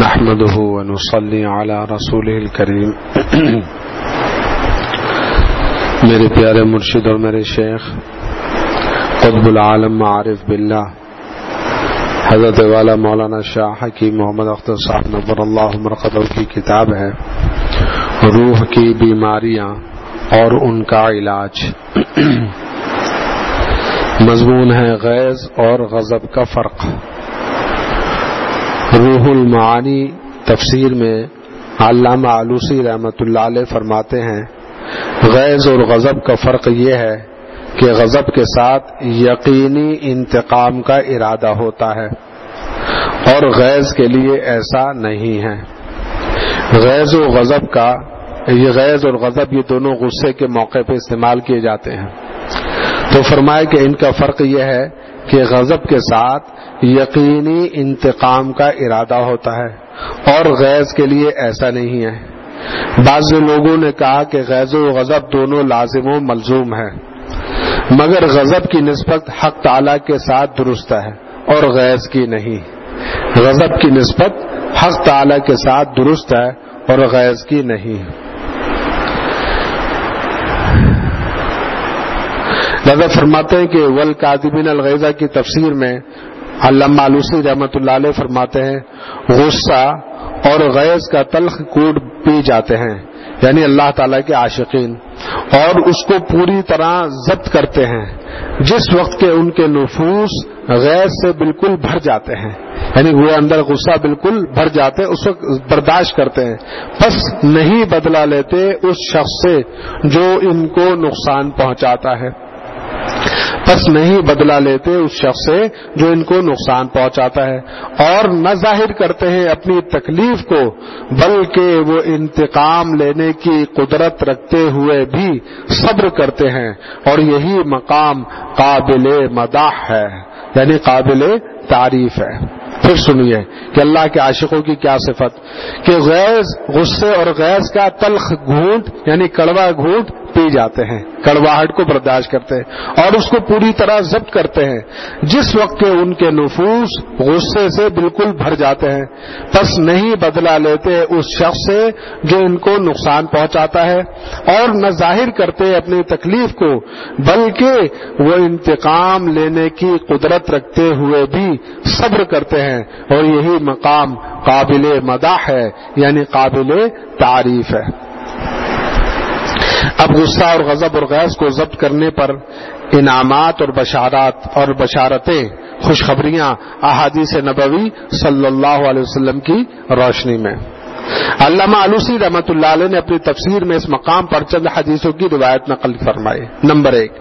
نحمده ونصلی علی رسوله الکریم میرے پیارے مرشد اور میرے شیخ قطب العالم معارف باللہ حضرت والا مولانا شاہ حکیم محمد اختر صاحب نبر اللہ مرقدو کی کتاب ہے روح کی بیماریاں اور ان کا علاج مضمون ہے غیظ اور غضب کا فرق روح المعانی تفسیر میں علامہ آلوسی رحمۃ اللہ علیہ فرماتے ہیں غیظ اور غضب کا فرق یہ ہے کہ غضب کے ساتھ یقینی انتقام کا ارادہ ہوتا ہے اور غیظ کے لیے ایسا نہیں ہے غیظ و غضب کا یہ غیض اور غضب یہ دونوں غصے کے موقع پہ استعمال کیے جاتے ہیں تو فرمائے کہ ان کا فرق یہ ہے کہ غضب کے ساتھ یقینی انتقام کا ارادہ ہوتا ہے اور غیظ کے لیے ایسا نہیں ہے بعض لوگوں نے کہا کہ غیظ و غضب دونوں لازم و ملزوم ہے مگر غضب کی نسبت حق تعالی کے ساتھ درست ہے اور کی نہیں غضب کی نسبت حق تعالی کے ساتھ درست ہے اور غیظ کی نہیں لذا فرماتے ہیں کہ ول کاظمین الغیزہ کی تفسیر میں علامہ آلوسی رحمت اللہ علیہ فرماتے ہیں غصہ اور غیض کا تلخ کوٹ پی جاتے ہیں یعنی اللہ تعالیٰ کے عاشقین اور اس کو پوری طرح ضبط کرتے ہیں جس وقت کے ان کے نفوس غیر سے بالکل بھر جاتے ہیں یعنی وہ اندر غصہ بالکل بھر جاتے اس وقت برداشت کرتے ہیں بس نہیں بدلا لیتے اس شخص سے جو ان کو نقصان پہنچاتا ہے پس نہیں بدلا لیتے اس شخص سے جو ان کو نقصان پہنچاتا ہے اور نہ ظاہر کرتے ہیں اپنی تکلیف کو بلکہ وہ انتقام لینے کی قدرت رکھتے ہوئے بھی صبر کرتے ہیں اور یہی مقام قابل مداح ہے یعنی قابل تعریف ہے پھر سنیے کہ اللہ کے عاشقوں کی کیا صفت کہ غیر غصے اور غیظ کا تلخ گھونٹ یعنی کڑوا گھونٹ پی جاتے ہیں کڑواہٹ کو برداشت کرتے ہیں اور اس کو پوری طرح ضبط کرتے ہیں جس وقت کے ان کے نفوس غصے سے بالکل بھر جاتے ہیں پس نہیں بدلا لیتے اس شخص سے جو ان کو نقصان پہنچاتا ہے اور نہ ظاہر کرتے اپنی تکلیف کو بلکہ وہ انتقام لینے کی قدرت رکھتے ہوئے بھی صبر کرتے ہیں اور یہی مقام قابل مداح ہے یعنی قابل تعریف ہے اب غصہ اور غضب اور غیظ کو ضبط کرنے پر انعامات اور بشارات اور بشارتیں خوشخبریاں احادیث نبوی صلی اللہ علیہ وسلم کی روشنی میں علامہ علوسی رحمۃ اللہ علیہ نے اپنی تفسیر میں اس مقام پر چند حدیثوں کی روایت نقل فرمائی نمبر ایک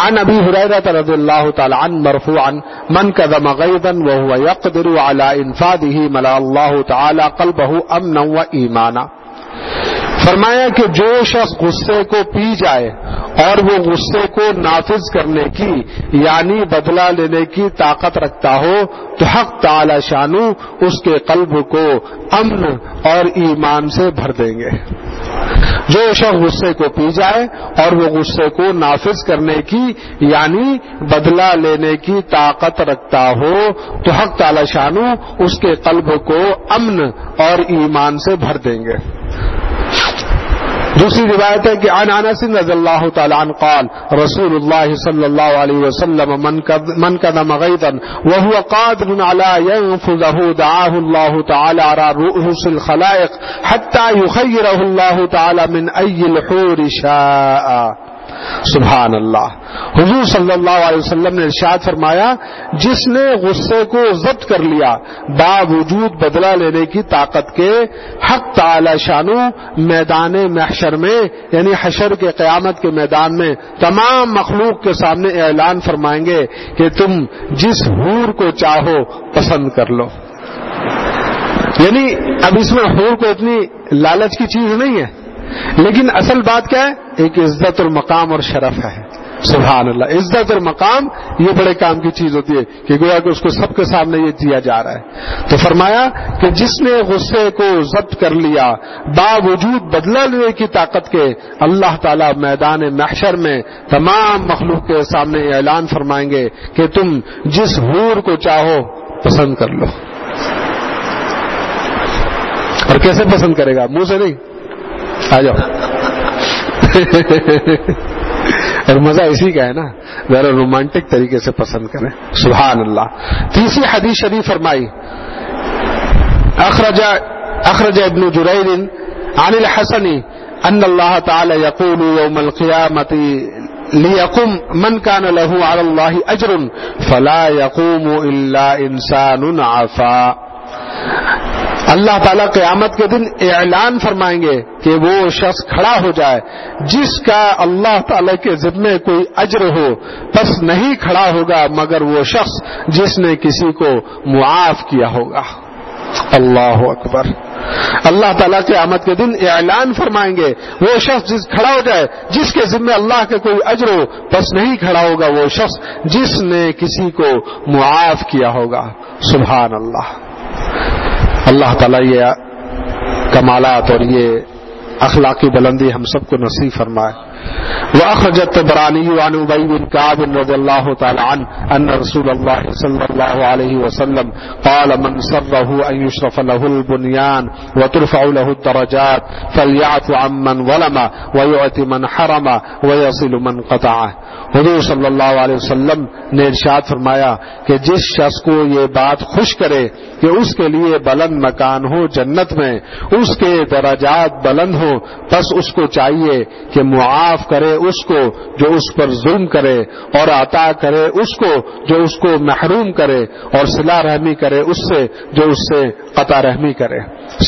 عن ابي هريره رضي الله تعالى مرفوعا من كذب غيظا وهو يقدر على انفاذه ملا الله تعالى قلبه امنا وايمانا فرمایا کہ جو شخص غصے کو پی جائے اور وہ غصے کو نافذ کرنے کی یعنی بدلہ لینے کی طاقت رکھتا ہو تو حق تعالی شانو اس کے قلب کو امن اور ایمان سے بھر دیں گے جو شخص غصے کو پی جائے اور وہ غصے کو نافذ کرنے کی یعنی بدلہ لینے کی طاقت رکھتا ہو تو حق تعالی شانو اس کے قلب کو امن اور ایمان سے بھر دیں گے دوسری روایت ہے کہ عن انس رضی اللہ تعالی عنہ قال رسول اللہ صلی اللہ علیہ وسلم من قدم غیظا وهو قادر على ينفذه دعاه الله تعالى على رؤوس الخلائق حتى يخيره الله تعالى من اي الحور شاء سبحان اللہ حضور صلی اللہ علیہ وسلم نے ارشاد فرمایا جس نے غصے کو ضبط کر لیا با وجود لینے کی طاقت کے حق تعالی شانو میدان محشر میں یعنی حشر کے قیامت کے میدان میں تمام مخلوق کے سامنے اعلان فرمائیں گے کہ تم جس حور کو چاہو پسند کر لو یعنی اب اس میں حور کو اتنی لالچ کی چیز نہیں ہے لیکن اصل بات کیا ہے ایک عزت المقام اور شرف ہے سبحان اللہ عزت اور مقام یہ بڑے کام کی چیز ہوتی ہے کہ گویا کہ اس کو سب کے سامنے یہ دیا جا رہا ہے تو فرمایا کہ جس نے غصے کو ضبط کر لیا باوجود بدلا لینے کی طاقت کے اللہ تعالی میدان محشر میں تمام مخلوق کے سامنے اعلان فرمائیں گے کہ تم جس حور کو چاہو پسند کر لو اور کیسے پسند کرے گا منہ سے نہیں آ جاؤ اور مزہ اسی کا ہے نا ذرا رومانٹک طریقے سے پسند کریں سبحان اللہ تیسری حدیث شریف فرمائی اخرج اخرج ابن جرائد عن الحسن ان الله تعالى يقول يوم القيامه ليقم من كان له على الله اجر فلا يقوم الا انسان عفا اللہ تعالیٰ قیامت کے دن اعلان فرمائیں گے کہ وہ شخص کھڑا ہو جائے جس کا اللہ تعالیٰ کے ذمے کوئی اجر ہو بس نہیں کھڑا ہوگا مگر وہ شخص جس نے کسی کو معاف کیا ہوگا اللہ اکبر اللہ تعالیٰ کے آمد کے دن اعلان فرمائیں گے وہ شخص جس کھڑا ہو جائے جس کے ذمے اللہ کا کوئی اجر ہو بس نہیں کھڑا ہوگا وہ شخص جس نے کسی کو معاف کیا ہوگا سبحان اللہ اللہ تعالیٰ یہ کمالات اور یہ اخلاقی بلندی ہم سب کو نصیب فرمائے واخرجت برانی عن ابی بن کعب رضی اللہ تعالی عنہ ان رسول اللہ صلی اللہ علیہ وسلم قال من صره ان يشرف له البنيان وترفع له الدرجات فليعف عن من ظلم ويعط من حرم ويصل من قطعه حضور صلی اللہ علیہ وسلم نے ارشاد فرمایا کہ جس شخص کو یہ بات خوش کرے کہ اس کے لیے بلند مکان ہو جنت میں اس کے درجات بلند ہو بس اس کو چاہیے کہ معاف کر کرے اس کو جو اس پر ظلم کرے اور عطا کرے اس کو جو اس کو محروم کرے اور سلا رحمی کرے اس سے جو اس سے قطع رحمی کرے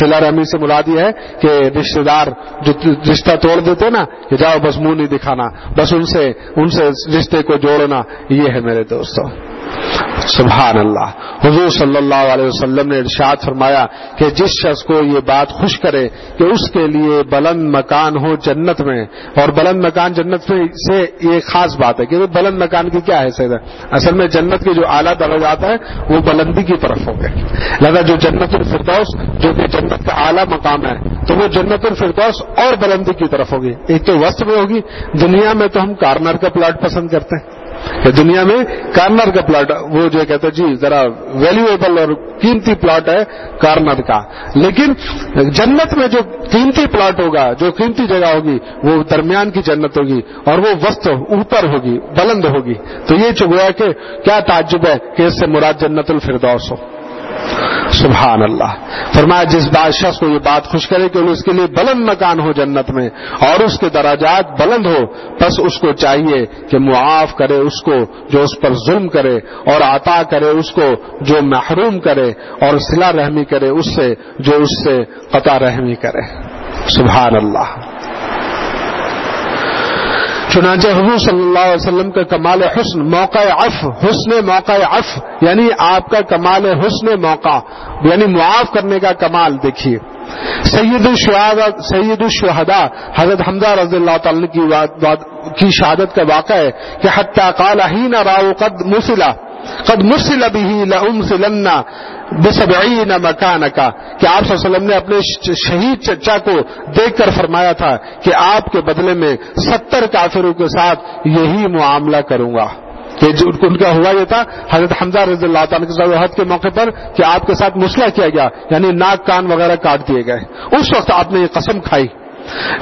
سلا رحمی سے ملا یہ ہے کہ رشتے دار جو رشتہ توڑ دیتے نا کہ جاؤ بس منہ نہیں دکھانا بس ان سے ان سے رشتے کو جوڑنا یہ ہے میرے دوستوں سبحان اللہ حضور صلی اللہ علیہ وسلم نے ارشاد فرمایا کہ جس شخص کو یہ بات خوش کرے کہ اس کے لیے بلند مکان ہو جنت میں اور بلند مکان جنت میں سے یہ خاص بات ہے کہ بلند مکان کی کیا حیثیت ہے اصل میں جنت کے جو اعلیٰ درجات ہیں وہ بلندی کی طرف ہو گئے لہٰذا جو جنت الفردوس جو کہ جنت کا اعلیٰ مقام ہے تو وہ جنت الفردوس اور بلندی کی طرف ہوگی ایک تو وسط میں ہوگی دنیا میں تو ہم کارنر کا پلاٹ پسند کرتے ہیں دنیا میں کارنر کا پلاٹ وہ جو کہتا جی ذرا ویلیویبل اور قیمتی پلاٹ ہے کارنر کا لیکن جنت میں جو قیمتی پلاٹ ہوگا جو قیمتی جگہ ہوگی وہ درمیان کی جنت ہوگی اور وہ وسط اوپر ہوگی بلند ہوگی تو یہ چھو گیا کہ کیا تعجب ہے کہ اس سے مراد جنت الفردوس ہو سبحان اللہ فرمایا جس بادشاہ کو یہ بات خوش کرے کہ اس کے لیے بلند مکان ہو جنت میں اور اس کے دراجات بلند ہو بس اس کو چاہیے کہ معاف کرے اس کو جو اس پر ظلم کرے اور عطا کرے اس کو جو محروم کرے اور سلا رحمی کرے اس سے جو اس سے قطع رحمی کرے سبحان اللہ چنانچہ حضور صلی اللہ علیہ وسلم کا کمال حسن موقع عف حسن موقع عف یعنی آپ کا کمال حسن موقع یعنی معاف کرنے کا کمال دیکھیے سید الشہد سید الشہدا حضرت حمزہ رضی اللہ تعالی کی کی شہادت کا واقعہ ہے کہ حتیہ کالا ہی نہ راؤ قد مسلا قد مسلبی بسبعین مکان کا کہ آپ صلی اللہ علیہ وسلم نے اپنے شہید چچا کو دیکھ کر فرمایا تھا کہ آپ کے بدلے میں ستر کافروں کے ساتھ یہی معاملہ کروں گا کہ جو ان کا ہوا یہ تھا حضرت حمزہ رضی اللہ تعالیٰ کے حد کے موقع پر کہ آپ کے ساتھ مسئلہ کیا گیا یعنی ناک کان وغیرہ کاٹ دیے گئے اس وقت آپ نے یہ قسم کھائی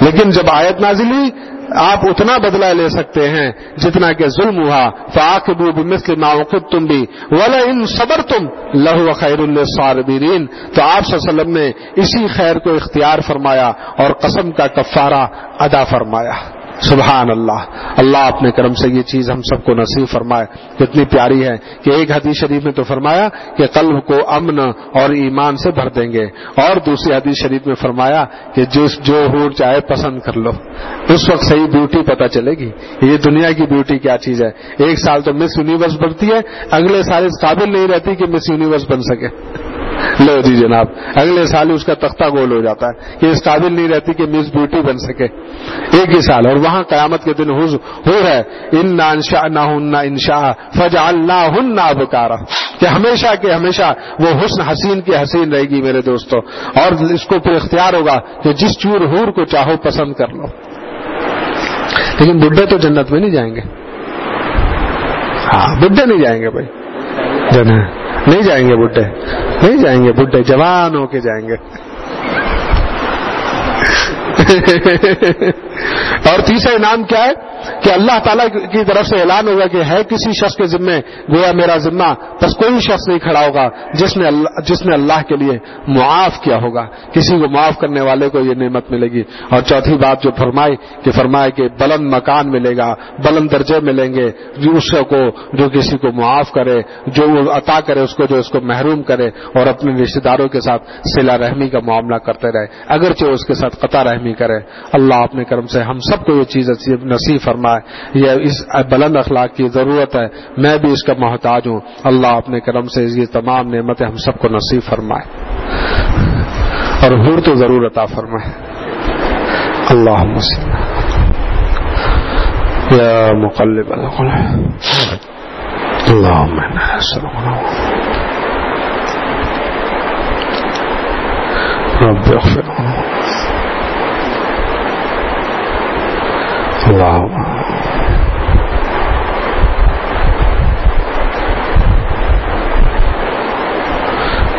لیکن جب آیت نازل ہوئی آپ اتنا بدلہ لے سکتے ہیں جتنا کہ ظلم ہوا فاقبو آکبوب مسل کے تم بھی ولا ان صبر تم لہو خیر صالبرین تو آپ وسلم نے اسی خیر کو اختیار فرمایا اور قسم کا کفارہ ادا فرمایا سبحان اللہ اللہ اپنے کرم سے یہ چیز ہم سب کو نصیب فرمائے کتنی پیاری ہے کہ ایک حدیث شریف میں تو فرمایا کہ قلب کو امن اور ایمان سے بھر دیں گے اور دوسری حدیث شریف میں فرمایا کہ جس جو ہو چاہے پسند کر لو اس وقت صحیح بیوٹی پتہ چلے گی یہ دنیا کی بیوٹی کیا چیز ہے ایک سال تو مس یونیورس بنتی ہے اگلے سال اس قابل نہیں رہتی کہ مس یونیورس بن سکے لو جی جناب اگلے سال اس کا تختہ گول ہو جاتا ہے یہ اس قابل نہیں رہتی کہ مس بیوٹی بن سکے ایک ہی سال اور وہاں قیامت کے دن ہو ہے ان نہ نہ نہ انشا انشا ہن اللہ کہ ہمیشہ ہمیشہ وہ حسن حسین کی حسین رہے گی میرے دوستوں اور اس کو پھر اختیار ہوگا کہ جس چور ہور کو چاہو پسند کر لو لیکن بڈھے تو جنت میں نہیں جائیں گے ہاں بڈھے نہیں جائیں گے بھائی نہیں جائیں گے بڈھے نہیں جائیں گے بڈھے جوان ہو کے جائیں گے اور تیسرا انعام کیا ہے کہ اللہ تعالیٰ کی طرف سے اعلان ہوگا کہ ہے کسی شخص کے ذمے گویا میرا ذمہ بس کوئی شخص نہیں کھڑا ہوگا جس نے اللہ جس نے اللہ کے لیے معاف کیا ہوگا کسی کو معاف کرنے والے کو یہ نعمت ملے گی اور چوتھی بات جو فرمائی کہ فرمائے کہ بلند مکان ملے گا بلند درجے ملیں گے جو اس کو جو کسی کو معاف کرے جو وہ عطا کرے اس کو جو اس کو محروم کرے اور اپنے رشتے داروں کے ساتھ سلا رحمی کا معاملہ کرتے رہے اگرچہ اس کے ساتھ قطع رحمی کرے اللہ اپنے کرم سے ہم سب کو یہ چیز نصیف فرمائے یہ اس بلند اخلاق کی ضرورت ہے میں بھی اس کا محتاج ہوں اللہ اپنے کرم سے یہ تمام نعمتیں ہم سب کو نصیب فرمائے اور ہر تو ضرورت فرمائے اللہ الله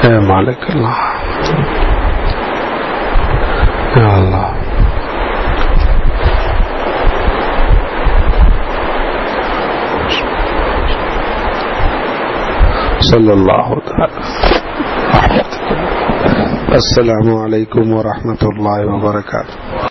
يا مالك الله يا الله صلى الله تعالى السلام عليكم ورحمة الله وبركاته